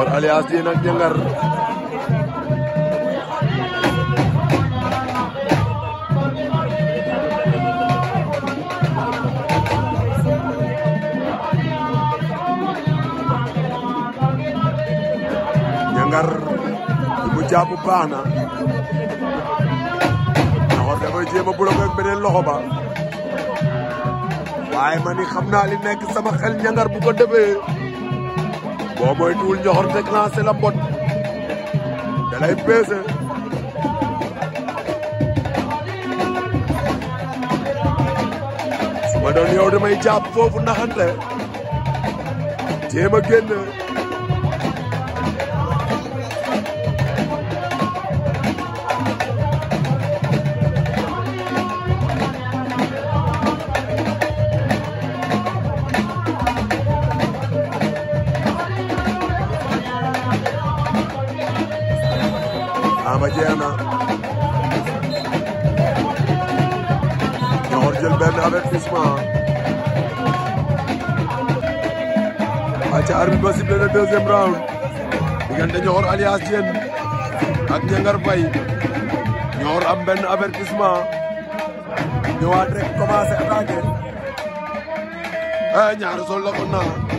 Ngor alias Diène ak Diangar Diangar mu jàpp baax na Ngor dafay jéem a bloqué ak beneen loxo ba waaye man ni xam naa li nekk sama xel Diangar bu ko defee boo moytuwul Ndiokor déclenché la mbot da lay peese su doon yow damay jàpp foofu naxante jéem a ama jeex na ñoxor jël benn avertissement aca arbitre ba sifflé na deuxième round diggante ñoxor Alias Diène ak Ndiangar Faye ñoxor am benn avertissement ñëwaat rek commencé attaqué eh, ñaari sol la ko